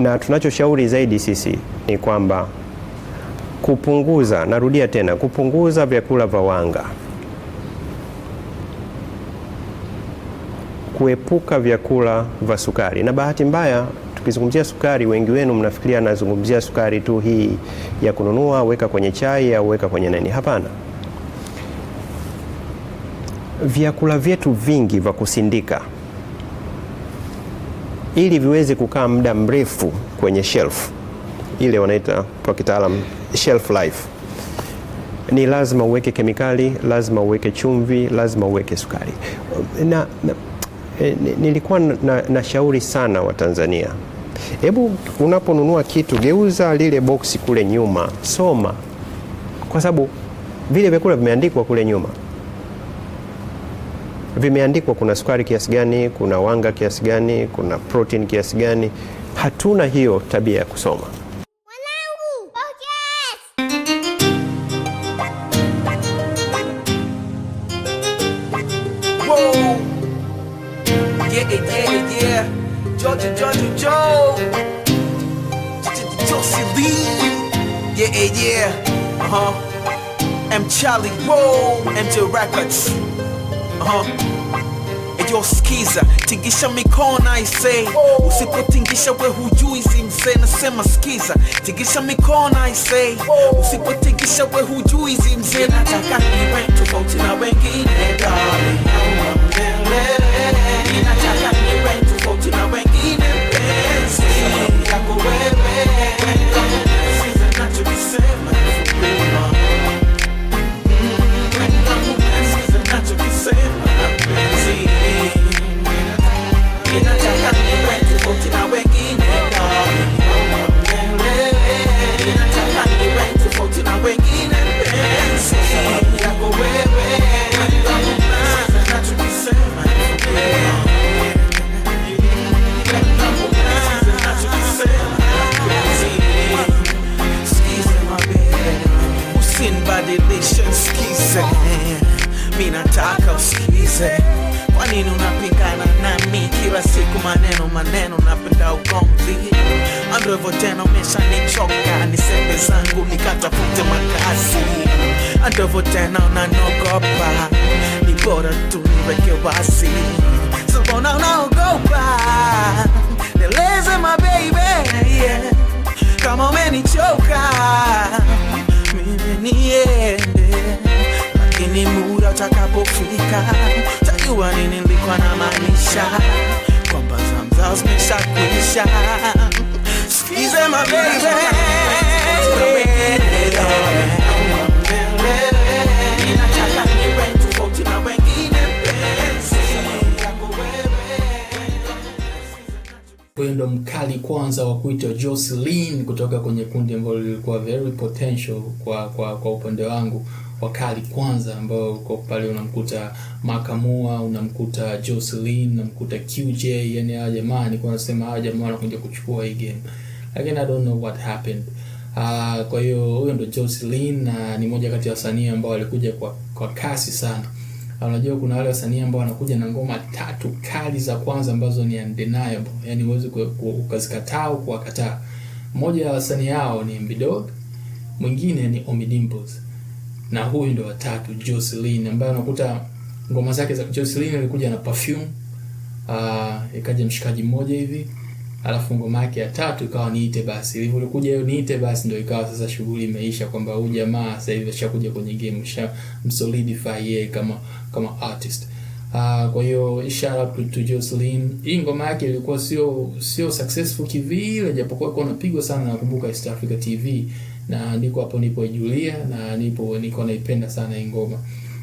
na tunachoshauri zaidi sisi ni kwamba kupunguza, narudia tena, kupunguza vyakula vya wanga, kuepuka vyakula vya sukari. Na bahati mbaya tukizungumzia sukari, wengi wenu mnafikiria nazungumzia sukari tu hii ya kununua, weka kwenye chai au weka kwenye nini. Hapana, vyakula vyetu vingi vya kusindika ili viweze kukaa muda mrefu kwenye shelf, ile wanaita kwa kitaalam shelf life, ni lazima uweke kemikali, lazima uweke chumvi, lazima uweke sukari na, na e, nilikuwa na, na shauri sana Watanzania, hebu unaponunua kitu geuza lile boksi kule nyuma, soma, kwa sababu vile vyakula vimeandikwa kule nyuma vimeandikwa kuna sukari kiasi gani, kuna wanga kiasi gani, kuna protein kiasi gani. Hatuna hiyo tabia ya kusoma. Charlie Records. Uh-huh uliosikiza, tingisha mikono ise, usipotingisha we hujui zimse, nasema sikiza, tingisha mikono ise, usipotingisha we hujui na nataka niwe tofauti na wengine darling, ndovo tena unanogopa, ni bora tu niweke wasi, so mbona unaogopa? Nieleze my baby, yeah. Come kama umenichoka mimi niende, lakini muda utakapofika tajua nini nilikuwa na manisha maanisha zamza zamzao zimeshakwisha. Squeeze my baby, yeah. huyo ndo mkali kwanza wa kuitwa Jocelyn kutoka kwenye kundi ambalo lilikuwa very potential kwa kwa, kwa upande wangu wakali kwanza ambao uko pale unamkuta Makamua, unamkuta Jocelyn, unamkuta QJ, yani hawa jamaa nilikuwa nasema hawa jamaa wanakuja kuchukua hii game. Lakini I don't know what happened. Uh, kwa hiyo huyo ndo Jocelyn na uh, ni moja kati ya wasanii ambao walikuja kwa, kwa kasi sana unajua kuna wale wasanii ambao wanakuja na ngoma tatu kali za kwanza ambazo ni undeniable, yani huwezi ukazikataa au kuwakataa. Mmoja ya wasanii hao ni Mbidog, mwingine ni Ommy Dimpoz na huyu ndo watatu Jocelyn, ambaye unakuta ngoma zake za Jocelyn alikuja na perfume, uh, ikaja mshikaji mmoja hivi Alafu ngoma yake ya tatu ikawa niite basi. ulikuja hiyo niite basi ndio ikawa sasa shughuli imeisha kwamba huyu jamaa sasa hivi ashakuja kwenye game, sha msolidify yeye kama kama artist. Uh, kwa hiyo shout out to, to Jocelyn. Hii ngoma yake ilikuwa sio sio successful kivile, japokuwa ilikuwa inapigwa sana, nakumbuka East Africa TV na niko hapo nipo Julia na nipo niko naipenda sana hii ngoma,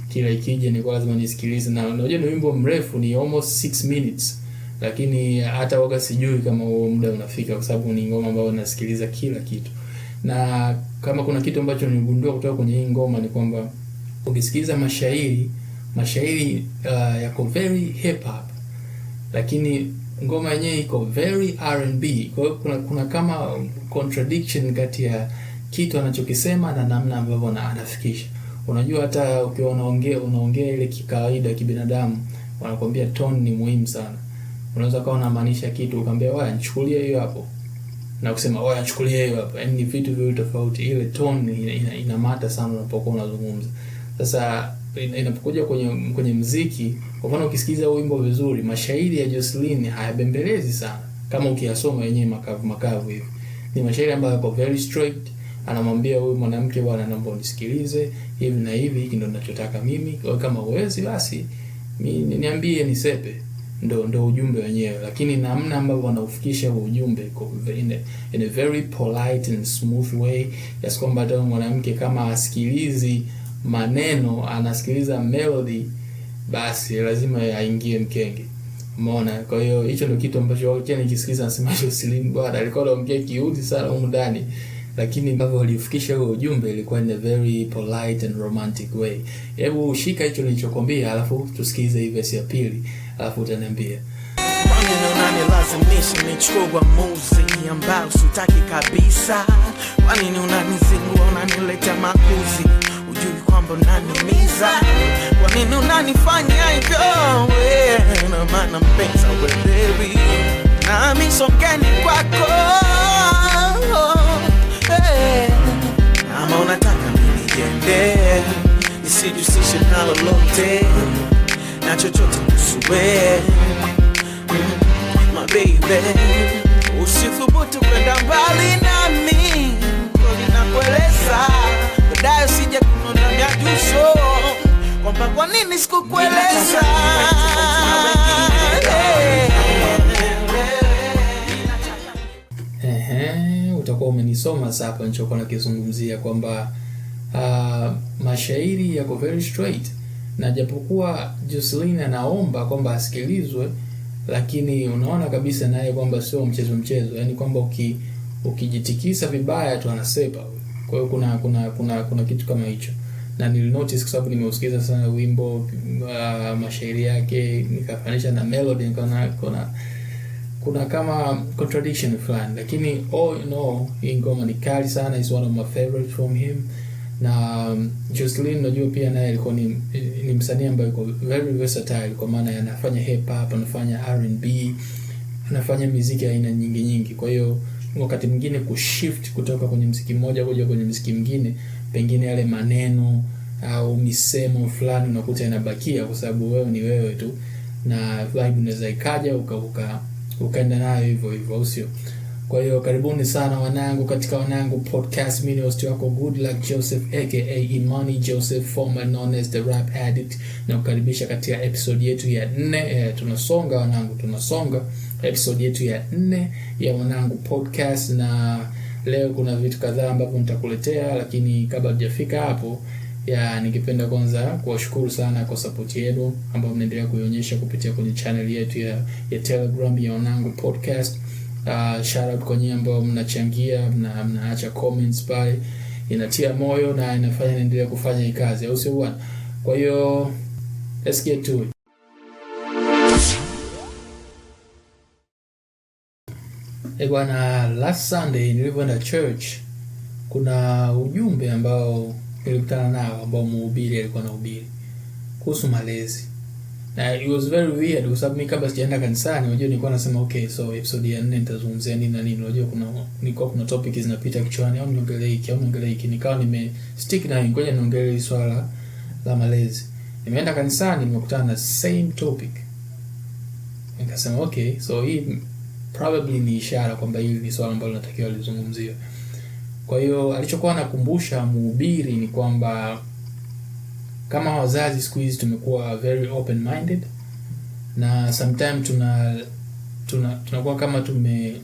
kila ikija nilikuwa lazima nisikilize, na unajua ni wimbo mrefu, ni almost 6 minutes lakini hata waga sijui kama huo muda unafika, kwa sababu ni ngoma ambayo nasikiliza kila kitu, na kama kuna kitu ambacho nimegundua kutoka kwenye hii ngoma ni kwamba ukisikiliza mashairi mashairi uh, yako very hip hop, lakini ngoma yenyewe iko very R&B. Kwa hiyo kuna, kuna kama contradiction kati ya kitu anachokisema na namna ambavyo anafikisha. Unajua, hata ukiwa unaongea unaongea ile kikawaida kibinadamu, wanakwambia tone ni muhimu sana unaweza kawa unamaanisha kitu ukamwambia waya nichukulie hiyo hapo na kusema waya nichukulie hiyo hapo, yaani ni vitu viwili tofauti. Ile tone inamata ina, ina sana unapokuwa unazungumza. Sasa inapokuja kwenye kwenye muziki, kwa mfano ukisikiliza wimbo vizuri, mashairi ya Jocelyn hayabembelezi sana kama ukiyasoma yenyewe makavu makavu hivi. Ni mashairi ambayo yako very straight, anamwambia huyu mwanamke bwana, naomba unisikilize hivi na hivi, hiki ndio ninachotaka mimi. Kwa kama uwezi basi mi, niambie nisepe ndo ndo ujumbe wenyewe, lakini namna ambavyo wanaufikisha huo ujumbe in a, in a very polite and smooth way, kiasi kwamba hata mwanamke kama asikilizi maneno, anasikiliza melody, basi lazima aingie mkenge. Umeona? Kwa hiyo hicho ndio kitu ambacho wao tena nikisikiliza nasema Jocelyn bwana alikuwa anaongea kiuti sana huko ndani, lakini ambavyo walifikisha huo ujumbe ilikuwa in a very polite and romantic way. Hebu shika hicho nilichokwambia, alafu tusikilize hii verse ya pili alafu utaniambia Neno unanilazimisha nichukua muzi ambao sitaki kabisa. Kwa nini unanizingua, unanileta makuzi? Ujui kwamba unanimiza? Kwa nini unanifanya hivyo? Ina mpenza uelewi, nami kwako hey. Ama unataka mimi niende na lolote na chochote kuhusu mm, my baby, usithubutu kwenda mbali nami, ninakueleza baadaye usije kunonamia juso kwamba kwa nini sikukueleza. Eh, eh, eh, utakuwa umenisoma sasa hapo nakizungumzia kwamba uh, mashairi yako very straight na japokuwa Jocelyn anaomba kwamba asikilizwe, lakini unaona kabisa naye kwamba sio mchezo mchezo, yani kwamba uki, ukijitikisa vibaya tu anasepa. Kwa hiyo kuna kuna kuna kuna kitu kama hicho, na nil notice kwa sababu nimeusikiza sana wimbo uh, mashairi yake nikafanisha na melody, nikaona kuna kuna kama contradiction fulani, lakini all in all, hii ngoma ni kali sana, is one of my favorite from him na um, Jocelyn unajua pia naye alikuwa ni, ni msanii ambaye yuko very versatile kwa maana anafanya hip hop, anafanya R&B, anafanya muziki aina nyingi nyingi. Kwa hiyo wakati mwingine kushift kutoka kwenye muziki mmoja kuja kwenye muziki mwingine, pengine yale maneno au misemo fulani unakuta inabakia kwa sababu wewe ni wewe tu, na vibe inaweza ikaja uka uka ukaenda nayo hivyo hivyo, au sio? Kwa hiyo karibuni sana wanangu katika Wanangu Podcast. mini ni host wako Good Luck Joseph aka Imani Joseph former known as the Rap Addict, na kukaribisha katika episode yetu ya nne. eh, tunasonga wanangu, tunasonga episode yetu ya nne ya Wanangu Podcast, na leo kuna vitu kadhaa ambavyo nitakuletea, lakini kabla tujafika hapo ya ningependa kwanza kuwashukuru sana kwa support yenu ambayo mnaendelea kuionyesha kupitia kwenye channel yetu ya, ya Telegram ya Wanangu Podcast Uh, shout out kwa nyinyi ambao mnachangia, mna, mnaacha comments pale, inatia moyo na inafanya niendelee kufanya hii kazi, au sio bwana? Kwa hiyo let's get to it. E bwana, last Sunday nilivyoenda church, kuna ujumbe ambao nilikutana nao ambao muhubiri alikuwa anahubiri kuhusu malezi na it was very weird kwa sababu mimi kabla sijaenda kanisani, unajua nilikuwa nasema okay, so episode ya 4 nitazungumzia nini na nini. Unajua kuna nilikuwa kuna topic zinapita kichwani, au niongelee hiki au niongelee hiki, nikawa nime stick na hiyo ngoja niongelee swala la malezi. Nimeenda kanisani, nimekutana na same topic, nikasema okay, so hii probably ni ishara kwamba hili ni swala ambalo natakiwa lizungumzie Kwa hiyo alichokuwa anakumbusha mhubiri ni kwamba kama wazazi siku hizi tumekuwa very open minded na sometimes tuna tuna tunakuwa kama tume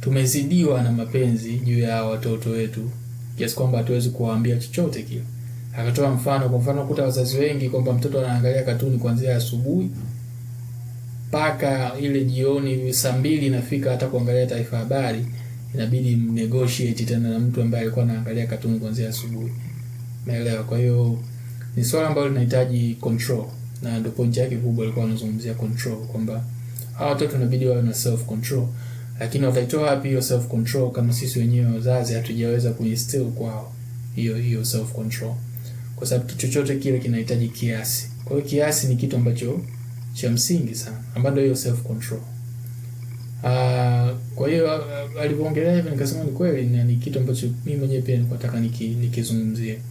tumezidiwa na mapenzi juu ya watoto wetu kiasi kwamba hatuwezi kuwaambia chochote kile. Akatoa mfano, kwa mfano kuta wazazi wengi kwamba mtoto anaangalia katuni kuanzia asubuhi mpaka ile jioni saa mbili inafika, hata kuangalia taarifa habari inabidi mnegotiate tena na mtu ambaye alikuwa anaangalia katuni kuanzia asubuhi naelewa Kwa hiyo ni swala ambalo linahitaji control, na ndio point yake kubwa alikuwa anazungumzia control, kwamba hawa watoto inabidi wawe na self control, lakini wataitoa wapi hiyo self control kama sisi wenyewe wazazi hatujaweza kuinstill kwao hiyo hiyo self control, kwa sababu kitu chochote kile kinahitaji kiasi. Kwa hiyo kiasi ni kitu ambacho cha msingi sana, ambapo hiyo self control Uh, ah, kwa hiyo ah, alipoongelea hivi nikasema ni kweli, ni kitu ambacho mimi mwenyewe pia nilikuwa nataka nikizungumzie. niki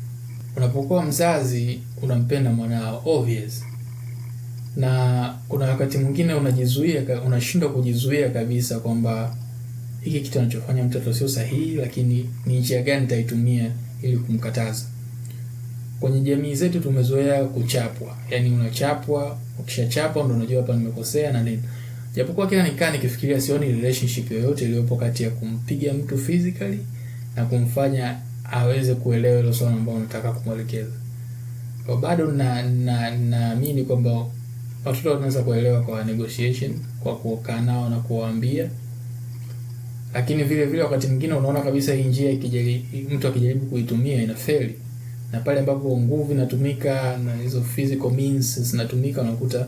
Unapokuwa mzazi unampenda mwanao obvious, na kuna wakati mwingine unajizuia, unashindwa kujizuia kabisa kwamba hiki kitu anachofanya mtoto sio sahihi, lakini ni njia gani nitaitumia ili kumkataza. Kwenye jamii zetu tumezoea kuchapwa, yani unachapwa, ukishachapwa ndo unajua hapa nimekosea na nini. Japokuwa kila nikaa nikifikiria, sioni relationship yoyote iliyopo kati ya kumpiga mtu physically na kumfanya aweze kuelewa hilo swala ambalo nataka kumwelekeza. Kwa bado na naamini na kwamba watoto wanaweza kuelewa kwa negotiation, kwa kukaa nao na kuwaambia. Lakini vile vile wakati mwingine unaona kabisa hii njia ikijali mtu akijaribu kuitumia ina feli Na pale ambapo nguvu inatumika na hizo physical means zinatumika unakuta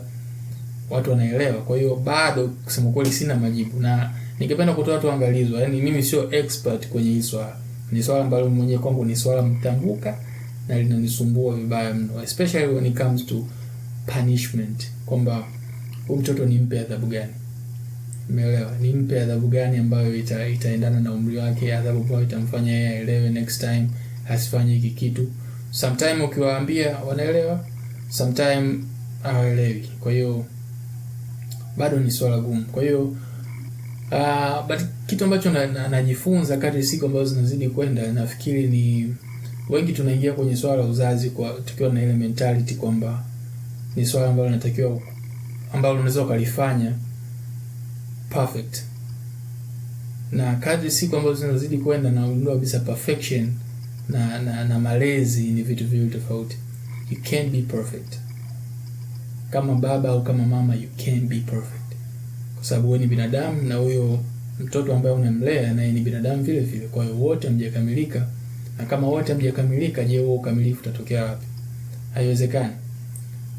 watu wanaelewa. Kwa hiyo bado kusema kweli sina majibu na ningependa kutoa tu angalizo. Yaani mimi sio expert kwenye hii swala ni swala ambalo mwenyewe kwangu ni swala mtambuka na linanisumbua vibaya mno, especially when it comes to punishment, kwamba huyu mtoto nimpe adhabu gani? Umeelewa? Nimpe adhabu gani ambayo ita, itaendana na umri wake, adhabu ambayo itamfanya yeye aelewe next time asifanye hiki kitu. Sometime ukiwaambia wanaelewa, sometime hawaelewi. Kwa hiyo bado ni swala gumu. Kwa hiyo Uh, but kitu ambacho najifunza na, na kadri siku ambazo zinazidi kwenda, nafikiri ni wengi tunaingia kwenye swala la uzazi kwa tukiwa na ile mentality kwamba ni swala ambalo natakiwa ambalo unaweza ukalifanya perfect, na kadri siku ambazo zinazidi kwenda na ugundua kabisa perfection na, na na malezi ni vitu viwili tofauti. You can't be perfect kama baba au kama mama, you can't be perfect kwa sababu wewe ni binadamu na huyo mtoto ambaye unamlea naye ni binadamu vile vile. Kwa hiyo wote hamjakamilika, na kama wote hamjakamilika, je, huo ukamilifu utatokea wapi? Haiwezekani.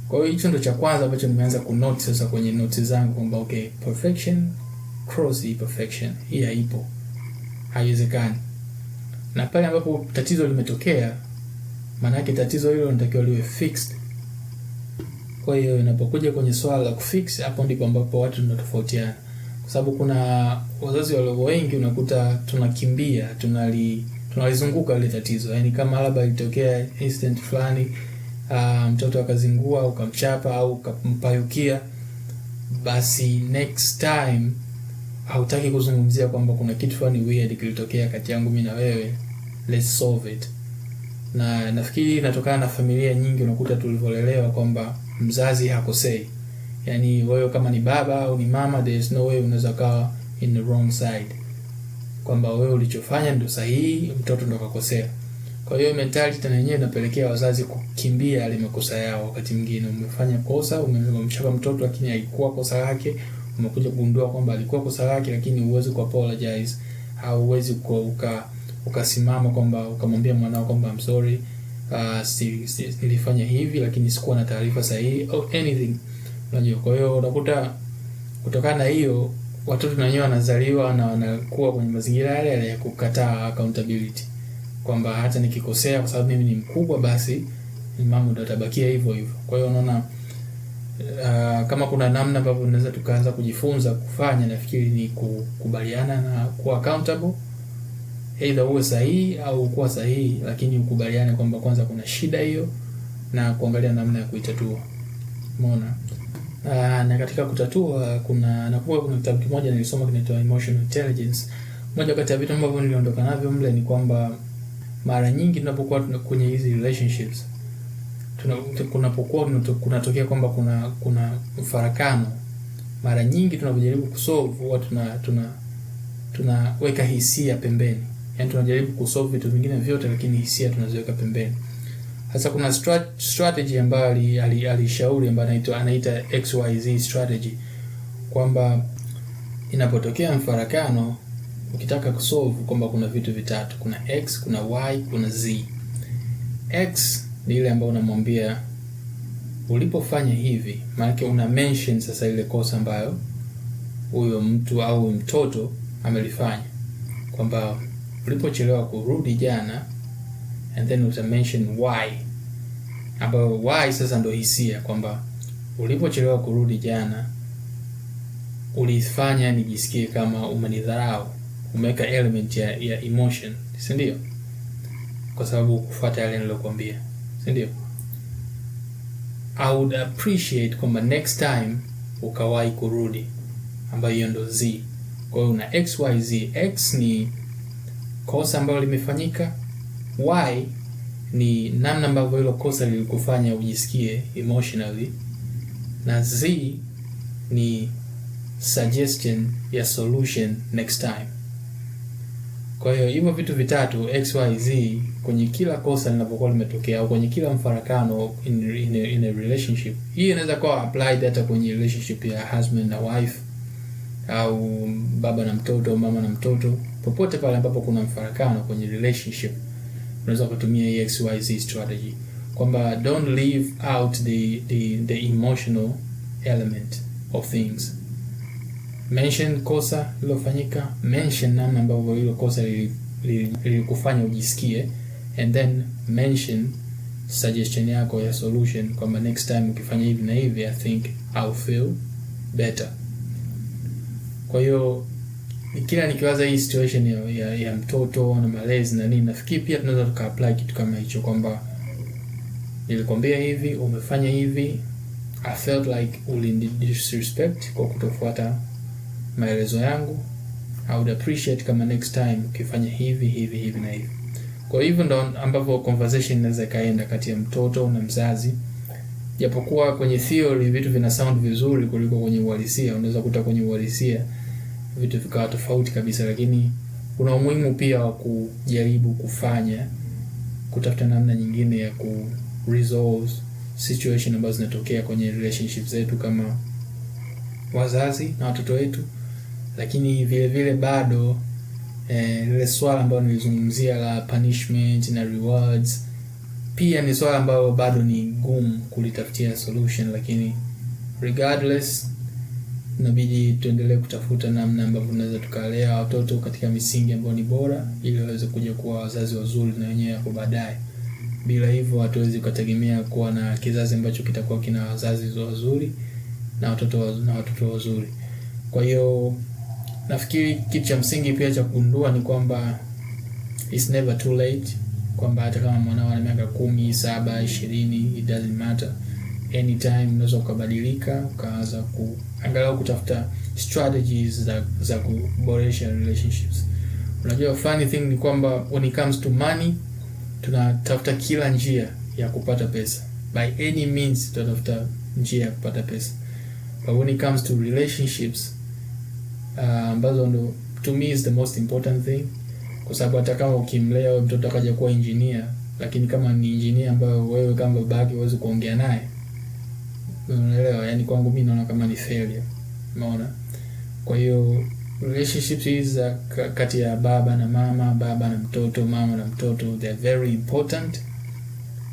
Kwa hiyo hicho ndo cha kwanza ambacho nimeanza ku note sasa kwenye notes zangu kwamba okay, perfection cross the perfection, hii haipo, haiwezekani. Na pale ambapo tatizo limetokea, maana yake tatizo hilo linatakiwa liwe fixed kwa hiyo inapokuja kwenye swala la kufix, hapo ndipo ambapo watu tunatofautiana, kwa sababu kuna wazazi walio wengi unakuta tunakimbia tunali tunalizunguka ile tatizo, yaani kama labda ilitokea incident fulani uh, mtoto akazingua ukamchapa au ukampayukia, basi next time hautaki kuzungumzia kwamba kuna kitu fulani weird kilitokea kati yangu mimi na wewe, let's solve it. Na nafikiri inatokana na familia nyingi, unakuta tulivyolelewa kwamba mzazi hakosei. Yaani wewe kama ni baba au ni mama, there is no way unaweza kawa in the wrong side, kwamba wewe ulichofanya ndio sahihi, mtoto ndo kakosea. Kwa hiyo mentality tena yenyewe inapelekea wazazi kukimbia yale makosa yao. Wakati mwingine umefanya kosa, umemshapa mtoto lakini haikuwa kosa lake, umekuja kugundua kwamba alikuwa kosa lake, lakini huwezi ku apologize au huwezi uka ukasimama kwamba ukamwambia mwanao kwamba I'm sorry uh, si, si, nilifanya hivi lakini sikuwa na taarifa sahihi au anything, unajua. Kwa hiyo unakuta kutokana na hiyo watoto na wenyewe wanazaliwa na wanakuwa kwenye mazingira yale yale ya kukataa accountability, kwamba hata nikikosea, kwa sababu mimi ni mkubwa, basi mambo ndo atabakia hivyo hivyo. Kwa hiyo unaona, uh, kama kuna namna ambavyo tunaweza tukaanza kujifunza kufanya, nafikiri ni kukubaliana na kuwa accountable either uwe sahihi au kuwa sahihi, lakini ukubaliane kwamba kwanza kuna shida hiyo na kuangalia namna ya kuitatua. Umeona? Ah, na katika kutatua kuna nakumbuka kuna kitabu kimoja nilisoma kinaitwa Emotional Intelligence. Moja kati ya vitu ambavyo niliondoka navyo mle ni kwamba mara nyingi tunapokuwa kwenye hizi relationships tunapokuwa kunatokea kwamba kuna kuna mfarakano, mara nyingi tunapojaribu kusolve huwa tuna tunaweka tuna hisia pembeni yani tunajaribu kusolve vitu vingine vyote, lakini hisia tunaziweka pembeni. Sasa kuna strat strategy ambayo alishauri ambayo anaitwa anaita XYZ strategy kwamba inapotokea mfarakano ukitaka kusolve kwamba kuna vitu vitatu, kuna x, kuna y, kuna z. X ni ile ambayo unamwambia ulipofanya hivi, maanake una mention sasa ile kosa ambayo huyo mtu au mtoto amelifanya kwamba ulipochelewa kurudi jana, and then uta mention why, ambayo why sasa ndo hisia kwamba ulipochelewa kurudi jana ulifanya nijisikie kama umenidharau. Umeweka element ya, ya emotion, si ndio? Kwa sababu kufuata yale nilokuambia, si ndio? I would appreciate kwamba next time ukawahi kurudi, ambayo hiyo ndo z. Kwa hiyo una xyz x ni kosa ambalo limefanyika. Why ni namna ambavyo hilo kosa lilikufanya ujisikie emotionally, na Z ni suggestion ya solution next time. Kwa hiyo hivyo vitu vitatu x y z kwenye kila kosa linapokuwa limetokea au kwenye kila mfarakano in, in, a, in a relationship. Hii inaweza kuwa applied hata kwenye relationship ya husband na wife au baba na mtoto, mama na mtoto. Popote pale ambapo kuna mfarakano kwenye relationship, unaweza kutumia e XYZ strategy kwamba don't leave out the, the, the emotional element of things. Mention kosa lilofanyika, mention namna ambavyo hilo kosa lilikufanya li, li ujisikie, and then mention suggestion yako ya solution kwamba next time ukifanya hivi na hivi, I think I'll feel better. Kwa hiyo kila nikiwaza hii situation ya, ya, ya mtoto na malezi na nini, nafikiri pia tunaweza tuka apply kitu kama hicho, kwamba nilikwambia hivi, umefanya hivi, I felt like ulini disrespect kwa kutofuata maelezo yangu. I would appreciate kama next time ukifanya hivi hivi hivi na hivi. Kwa hivyo ndo ambavyo conversation inaweza ikaenda kati ya mtoto na mzazi, japokuwa kwenye theory vitu vina sound vizuri kuliko kwenye uhalisia. Unaweza kuta kwenye uhalisia vitu vikawa tofauti kabisa, lakini kuna umuhimu pia wa kujaribu kufanya kutafuta namna nyingine ya ku resolve situation ambazo zinatokea kwenye relationship zetu kama wazazi na watoto wetu, lakini vile vile bado eh, lile swala ambalo nilizungumzia la punishment na rewards pia ni swala ambalo bado ni gumu kulitafutia solution, lakini regardless inabidi tuendelee kutafuta namna ambavyo tunaweza tukalea watoto katika misingi ambayo ni bora, ili waweze kuja kuwa wazazi wazuri na wenyewe hapo baadaye. Bila hivyo, hatuwezi kutegemea kuwa na kizazi ambacho kitakuwa kina wazazi wazuri na watoto na watoto wazuri. Kwa hiyo nafikiri kitu cha msingi pia cha kugundua ni kwamba it's never too late, kwamba hata kama mwanao ana miaka kumi, saba, ishirini, it doesn't matter anytime unaweza ukabadilika ukaanza kuangalau kutafuta strategies za, za kuboresha relationships. Unajua, funny thing ni kwamba when it comes to money tunatafuta kila njia ya kupata pesa, by any means tunatafuta njia ya kupata pesa, but when it comes to relationships uh, ambazo uh, ndo to me is the most important thing, kwa sababu hata kama ukimlea mtoto akaja kuwa engineer, lakini kama ni engineer ambayo wewe kama babake huwezi kuongea naye Unaelewa? yani kwangu mimi naona kama ni failure. Umeona? Kwa hiyo relationships hizi za kati ya baba na mama, baba na mtoto, mama na mtoto, they are very important.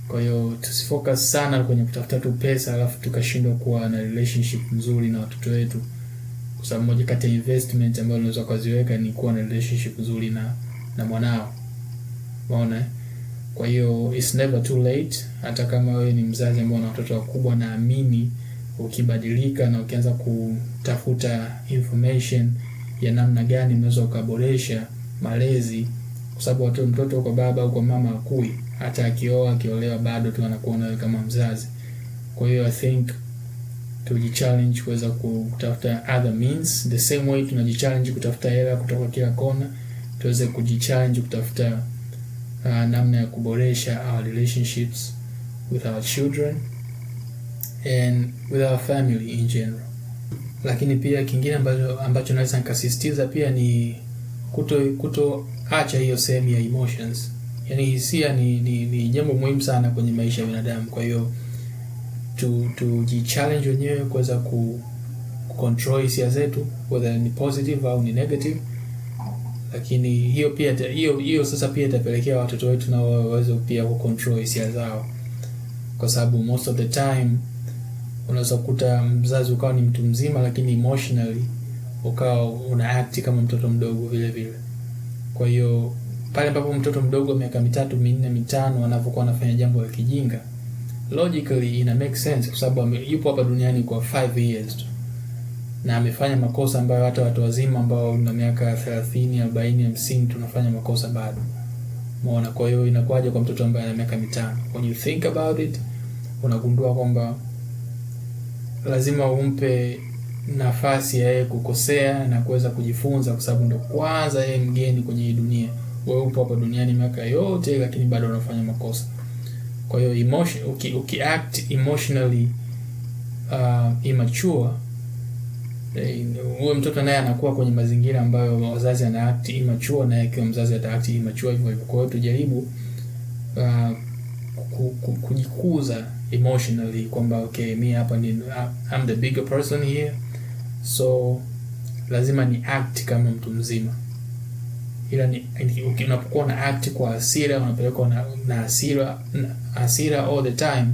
Kwa hiyo tusifocus sana kwenye kutafuta tu pesa alafu tukashindwa kuwa na relationship nzuri na watoto wetu. Kwa sababu moja kati ya investment ambayo unaweza kuziweka ni kuwa na relationship nzuri na na mwanao. Umeona? Kwa hiyo it's never too late, hata kama wewe ni mzazi ambao una watoto wakubwa, naamini ukibadilika na ukianza kutafuta information ya namna gani unaweza ukaboresha malezi, kwa sababu watu mtoto kwa baba au kwa mama akui, hata akioa akiolewa, bado tu anakuona wewe kama mzazi. Kwa hiyo I think tujichallenge kuweza kutafuta other means the same way tunajichallenge kutafuta hela kutoka kila kona, tuweze kujichallenge kutafuta uh, namna ya kuboresha our relationships with our children and with our family in general. Lakini pia kingine ambacho, ambacho naweza nikasisitiza pia ni kuto kutoacha hiyo sehemu ya emotions, yaani hisia ni ni, ni jambo muhimu sana kwenye maisha ya binadamu. Kwa hiyo tu tujichallenge wenyewe kuweza ku control hisia zetu whether ni positive au ni negative lakini hiyo pia hiyo hiyo sasa pia itapelekea watoto wetu na waweze pia kucontrol hisia zao, kwa sababu most of the time unaweza kukuta mzazi ukawa ni mtu mzima, lakini emotionally ukawa una act kama mtoto mdogo vile vile. Kwa hiyo pale ambapo mtoto mdogo miaka mitatu minne mitano anapokuwa anafanya jambo la kijinga, logically ina make sense, kwa sababu yupo hapa duniani kwa 5 years tu na amefanya makosa ambayo hata watu wazima ambao na miaka 30, 40, 50 tunafanya makosa bado. Umeona, kwa hiyo inakuwaje kwa mtoto ambaye ana miaka mitano? When you think about it, unagundua kwamba lazima umpe nafasi ya yeye kukosea na kuweza kujifunza, kwa sababu ndo kwanza yeye mgeni kwenye hii dunia. Wewe upo hapa duniani miaka yote, lakini bado unafanya makosa. Kwa hiyo emotion, uki, uki act emotionally uh, immature Eh, huyo mtoto naye anakuwa kwenye mazingira ambayo wazazi ana act immature na yakiwa mzazi ata act immature hivyo hivyo. Kwa hiyo tujaribu uh, kujikuza emotionally kwamba okay, mi hapa ni ah, I'm the bigger person here, so lazima ni act kama mtu mzima, ila ni unapokuwa na act kwa hasira, unapelekwa na, na hasira na hasira all the time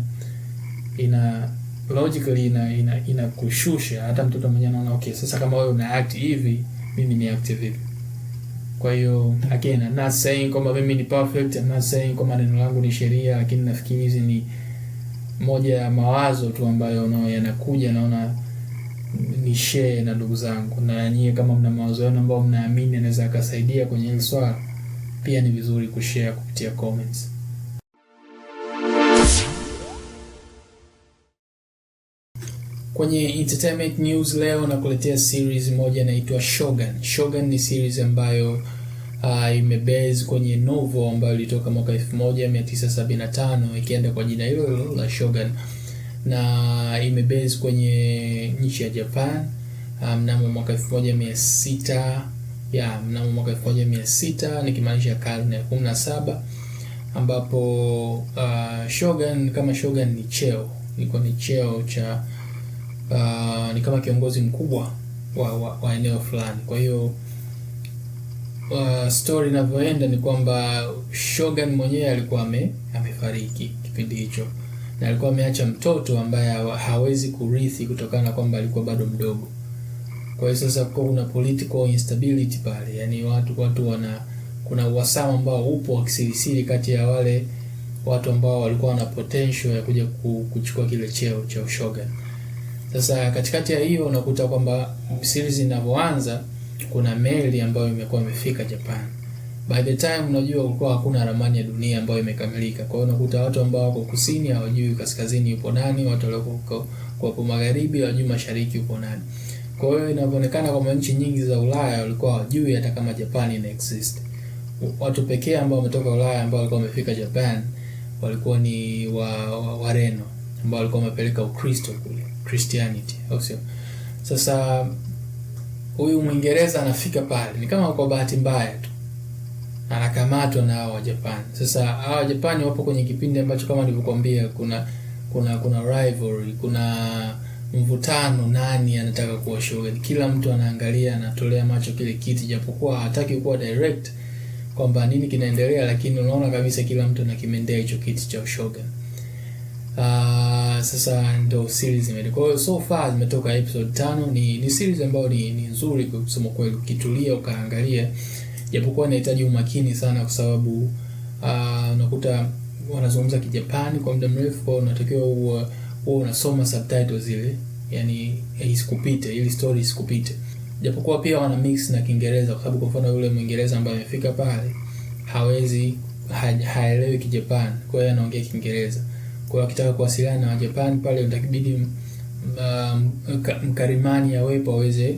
ina logically ina ina inakushusha hata mtoto mwenyewe anaona okay, sasa kama wewe una act hivi, mimi ni act vipi? Kwa hiyo again, I'm not saying kwamba mimi ni perfect, I'm not saying kwamba neno langu ni sheria, lakini nafikiri hizi ni moja ya mawazo tu ambayo nao yanakuja, naona ni share na ndugu zangu, na nyie kama mna mawazo yenu ambayo mnaamini anaweza akasaidia kwenye hili swala, pia ni vizuri kushare kupitia comments. Kwenye entertainment news leo nakuletea series moja inaitwa Shogun. Shogun ni series ambayo uh, imebase kwenye novel ambayo ilitoka mwaka 1975 ikienda kwa jina hilo la Shogun na imebase kwenye nchi ya Japan uh, mnamo um, mwaka 1600 ya mnamo mwaka 1600 nikimaanisha karne ya 17 ambapo uh, Shogun kama Shogun ni cheo ilikuwa ni cheo cha uh, ni kama kiongozi mkubwa wa, wa, wa eneo fulani. Kwa hiyo uh, story inavyoenda ni kwamba shogun mwenyewe alikuwa ame, amefariki kipindi hicho na alikuwa ameacha mtoto ambaye hawezi kurithi kutokana na kwamba alikuwa bado mdogo. Kwa hiyo sasa kwa kuna political instability pale, yani watu watu wana kuna uhasama ambao upo wa kisirisiri kati ya wale watu ambao walikuwa wana potential ya kuja kuchukua kile cheo cha ushoga. Sasa katikati ya hiyo unakuta kwamba series inapoanza kuna meli ambayo imekuwa imefika Japan. By the time unajua kulikuwa hakuna ramani ya dunia ambayo imekamilika. Kwa hiyo unakuta watu ambao wako kusini hawajui kaskazini yupo nani, watu walioko kwa magharibi hawajui mashariki yupo nani. Kwa hiyo inavyoonekana kwamba nchi nyingi za Ulaya walikuwa hawajui hata kama Japan ina exist. Watu pekee ambao wametoka Ulaya ambao walikuwa wamefika Japan walikuwa ni wa, wa, Wareno ambao walikuwa wamepeleka Ukristo kule. Christianity, au sio? Sasa huyu Mwingereza anafika pale, ni kama kwa bahati mbaya tu anakamatwa na hao Wajapani. Sasa hao Wajapani wapo kwenye kipindi ambacho kama nilivyokuambia, kuna kuna kuna rivalry, kuna mvutano, nani anataka kuwa shogun. Kila mtu anaangalia, anatolea macho kile kiti, japokuwa hataki kuwa direct kwamba nini kinaendelea, lakini unaona kabisa kila mtu anakimendea hicho kiti cha ushogun. Uh, sasa ndo series imeenda. Kwa hiyo so far zimetoka episode tano. Ni ni series ambayo ni, ni nzuri kwa kusema kweli, ukitulia ukaangalia, japokuwa inahitaji umakini sana kwa sababu uh, unakuta wanazungumza Kijapani kwa muda mrefu, kwa unatakiwa uwe unasoma subtitles zile, yani isikupite ili story isikupite, japokuwa pia wana mix na Kiingereza kwa sababu kwa mfano yule Mwingereza ambaye amefika pale hawezi haelewi Kijapani, kwa hiyo anaongea Kiingereza kwa akitaka kuwasiliana na Japan pale utakibidi um, mkarimani awepo aweze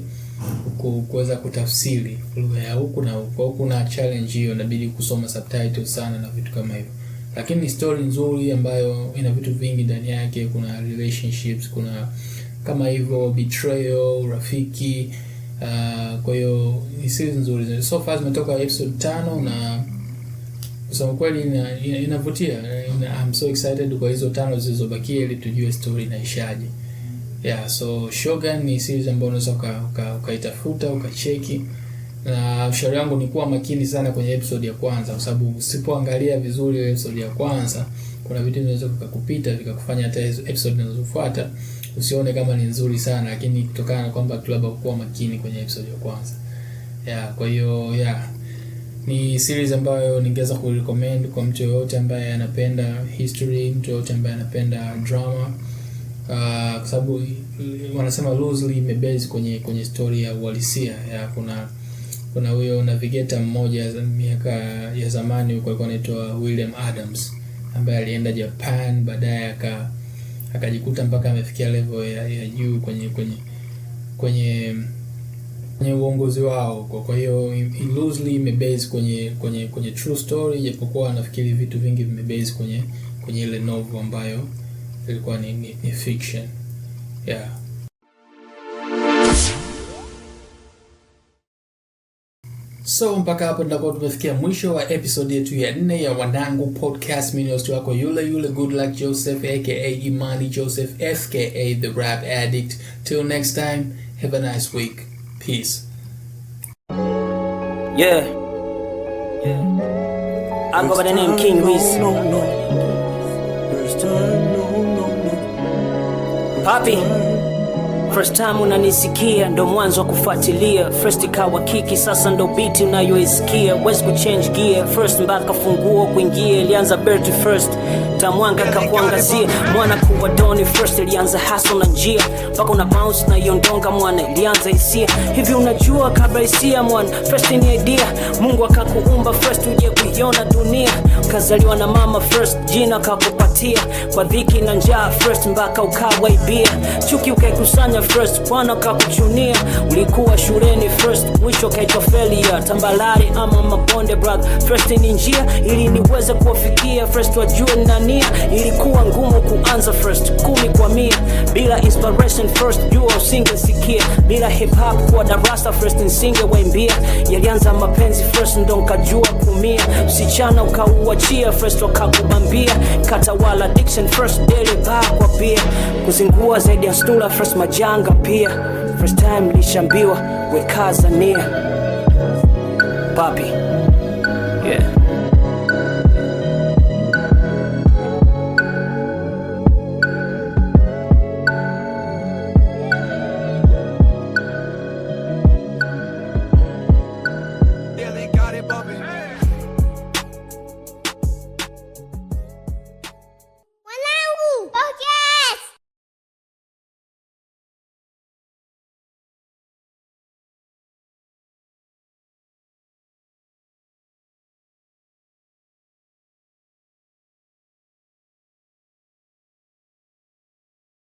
kuweza kutafsiri lugha ya huku na huku. Huku na challenge hiyo, inabidi kusoma subtitles sana na vitu kama hivyo, lakini story nzuri ambayo ina vitu vingi ndani yake. Kuna relationships, kuna kama hivyo betrayal, rafiki Uh, kwa hiyo ni series nzuri so far zimetoka episode tano na kusema kweli inavutia ina, ina, I'm so excited kwa hizo tano zilizobakia ili tujue story inaishaje. Yeah, so Shogun ni series ambayo unaweza ukaitafuta uka, uka ukacheki na ushauri wangu ni kuwa makini sana kwenye episode ya kwanza, kwa sababu usipoangalia vizuri episode ya kwanza, kuna vitu vinaweza vikakupita vikakufanya hata episode zinazofuata usione kama ni nzuri sana, lakini kutokana na kwamba tu labda kuwa makini kwenye episode ya kwanza. Yeah, kwa hiyo yeah ni series ambayo ningeweza kurecommend kwa mtu yoyote ambaye anapenda history, mtu yoyote ambaye anapenda drama uh, kwa sababu wanasema loosely imebase kwenye kwenye story ya uhalisia ya kuna kuna huyo navigator mmoja miaka ya zamani huko alikuwa anaitwa William Adams ambaye alienda Japan baadaye aka akajikuta mpaka amefikia level ya, ya juu kwenye kwenye kwenye kwenye uongozi wao. Kwa kwa hiyo loosely imebase kwenye kwenye kwenye true story, japokuwa nafikiri vitu vingi vimebase kwenye kwenye ile novel ambayo ilikuwa ni, ni, ni fiction yeah. So mpaka hapo tunakuwa tumefikia mwisho wa episode yetu ya nne ya wanangu Podcast. Mimi host wako yule yule Good Luck Joseph aka Imani Joseph fka The Rap Addict. Till next time, have a nice week. Peace. Yeah. Yeah. I go by the name King Reese. No, no, no. Poppy. First time unanisikia ndo mwanzo wa kufuatilia first ikawa kiki, sasa ndo biti unayoisikia. Wezi kuchange gear first mpaka funguo kuingia, ilianza Berti first tamwanga kakuangazia mwana kuwa doni first, ilianza haso na njia mpaka una bounce na yondonga mwana, ilianza hisia hivi unajua kabla hisia mwana, first ni idea Mungu akakuumba first uje kuiona dunia, ukazaliwa na mama first, jina kakupatia kwa dhiki na njaa first mpaka ukawaibia chuki ukaikusanya ulichunia first, bwana kakuchunia. Ulikuwa shuleni first, mwisho kaitwa failure. Tambalari ama mabonde brother, first ni njia ili niweze kuwafikia first, wajue nania. Ilikuwa ngumu kuanza first, kumi kwa mia bila inspiration first, jua usingesikia. Bila hip hop kwa darasa first, nisingewaimbia. Yalianza mapenzi first, ndo nkajua kumia. Msichana ukauachia first, wakakubambia. Katawala diction first, deli baa kwa pia kuzingua zaidi ya stula first majani pia, first time lishambiwa with Kazanir, papi, yeah